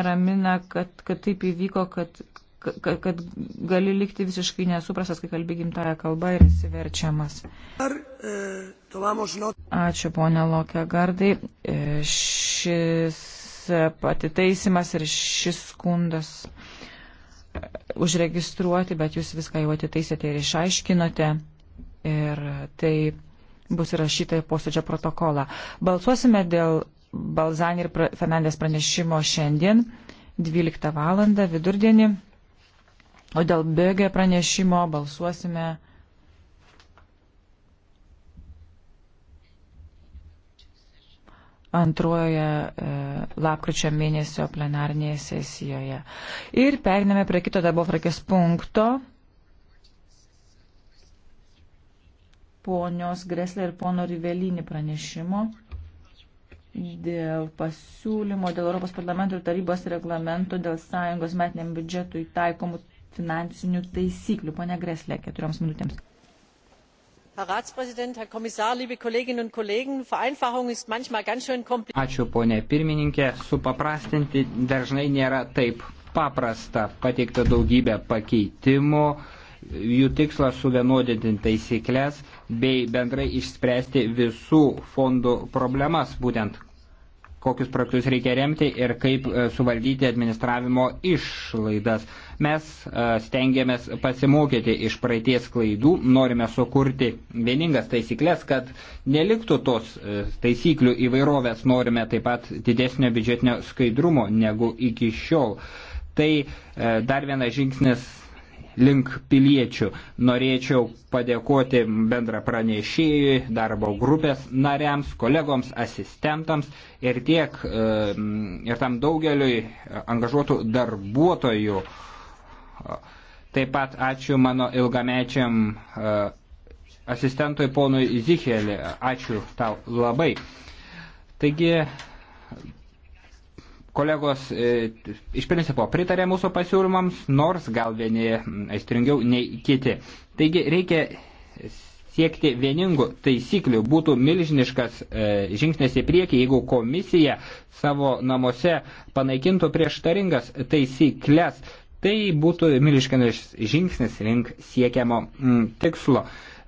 neramina, kad, kad taip įvyko, kad, kad, kad gali likti visiškai nesuprastas, kai kalbi gimtają kalbą ir esi verčiamas. E, Ačiū, ponė Lokė Gardai. E, šis patitaisimas ir šis skundas e, užregistruoti, bet jūs viską jau atitaisėte ir išaiškinote. Ir tai bus įrašyta į posėdžio protokolą. Balsuosime dėl Balzani ir Fernandės pranešimo šiandien 12 val. vidurdienį, o dėl Bėgė pranešimo balsuosime antrojoje e, lapkričio mėnesio plenarnėje sesijoje. Ir periname prie kito darbo frakės punkto. Ponios Greslė ir pono Rivelinį pranešimo dėl pasiūlymo dėl Europos parlamento ir tarybos reglamento dėl sąjungos metiniam biudžetui taikomų finansinių taisyklių. Pone Greslė, keturioms minutėms. Ačiū, ponė pirmininkė. Supaprastinti dažnai nėra taip paprasta. Pateikta daugybė pakeitimų Jų tikslas suvienodinti taisyklės bei bendrai išspręsti visų fondų problemas, būtent kokius projektus reikia remti ir kaip e, suvaldyti administravimo išlaidas. Mes e, stengiamės pasimokyti iš praeities klaidų, norime sukurti vieningas taisyklės, kad neliktų tos e, taisyklių įvairovės, norime taip pat didesnio biudžetinio skaidrumo negu iki šiol. Tai dar vienas žingsnis link piliečių. Norėčiau padėkoti bendra pranešėjui, darbo grupės nariams, kolegoms, asistentams ir tiek ir tam daugeliui angažuotų darbuotojų. Taip pat ačiū mano ilgamečiam e, asistentui ponui Zichelį. Ačiū tau labai. Taigi Kolegos e, iš principo pritarė mūsų pasiūlymams, nors gal vieni aistringiau nei kiti. Taigi reikia siekti vieningų taisyklių būtų milžiniškas e, žingsnis į priekį, jeigu komisija savo namuose panaikintų prieštaringas taisyklės. Tai būtų milžiniškas žingsnis link siekiamo m, mm, tikslo.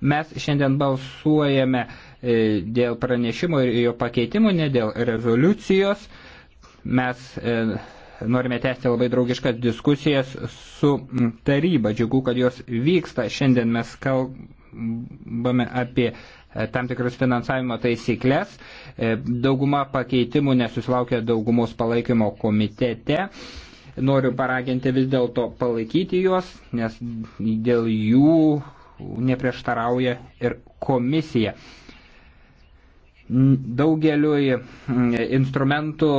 Mes šiandien balsuojame e, dėl pranešimo ir jo pakeitimų, ne dėl rezoliucijos. E, Mes e, norime tęsti labai draugiškas diskusijas su taryba. Džiugu, kad jos vyksta. Šiandien mes kalbame apie e, tam tikrus finansavimo taisyklės. E, dauguma pakeitimų nesusilaukia daugumos palaikymo komitete. Noriu paraginti vis dėlto palaikyti juos, nes dėl jų neprieštarauja ir komisija. Daugeliu instrumentų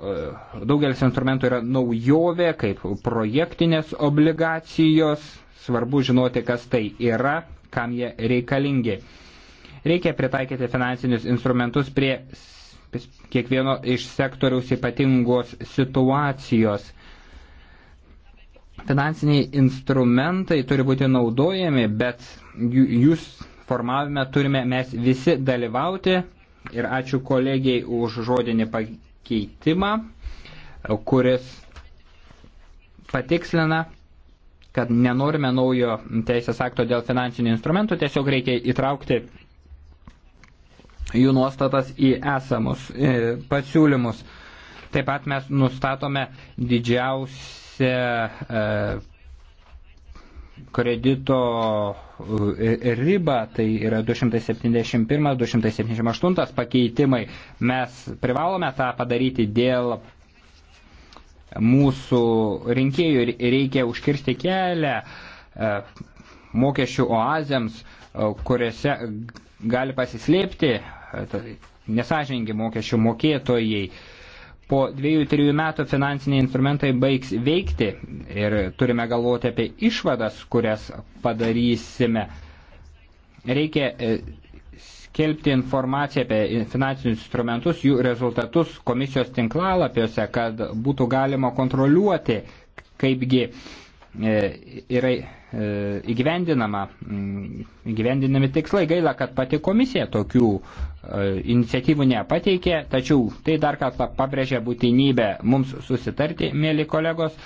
E, daugelis instrumentų yra naujovė, kaip projektinės obligacijos, svarbu žinoti, kas tai yra, kam jie reikalingi. Reikia pritaikyti finansinius instrumentus prie kiekvieno iš sektoriaus ypatingos situacijos. Finansiniai instrumentai turi būti naudojami, bet jūs formavime turime mes visi dalyvauti. Ir ačiū kolegijai už žodinį pakeitimą pakeitimą, kuris patikslina, kad nenorime naujo teisės akto dėl finansinių instrumentų, tiesiog reikia įtraukti jų nuostatas į esamus e, pasiūlymus. Taip pat mes nustatome didžiausią e, kredito e, e, ribą, tai yra 271-278 pakeitimai. Mes privalome tą padaryti dėl mūsų rinkėjų ir reikia užkirsti kelią e, mokesčių oazėms, kuriuose gali pasislėpti nesažiningi mokesčių mokėtojai po dviejų, trijų metų finansiniai instrumentai baigs veikti ir turime galvoti apie išvadas, kurias padarysime. Reikia e, skelbti informaciją apie finansinius instrumentus, jų rezultatus komisijos tinklalapiuose, kad būtų galima kontroliuoti, kaipgi E, yra e, įgyvendinama, mm, įgyvendinami tikslai. Gaila, kad pati komisija tokių e, iniciatyvų nepateikė, tačiau tai dar kartą pabrėžia būtinybę mums susitarti, mėly kolegos.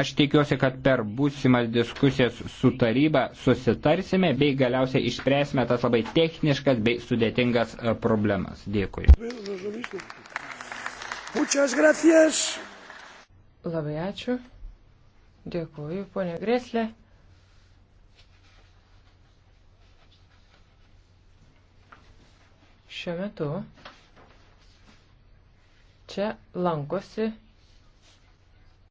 Aš tikiuosi, kad per būsimas diskusijas su taryba susitarsime bei galiausiai išspręsime tas labai techniškas bei sudėtingas problemas. Dėkui. Labai ačiū. Dėkuoju, ponė Greslė. Šiuo metu čia lankosi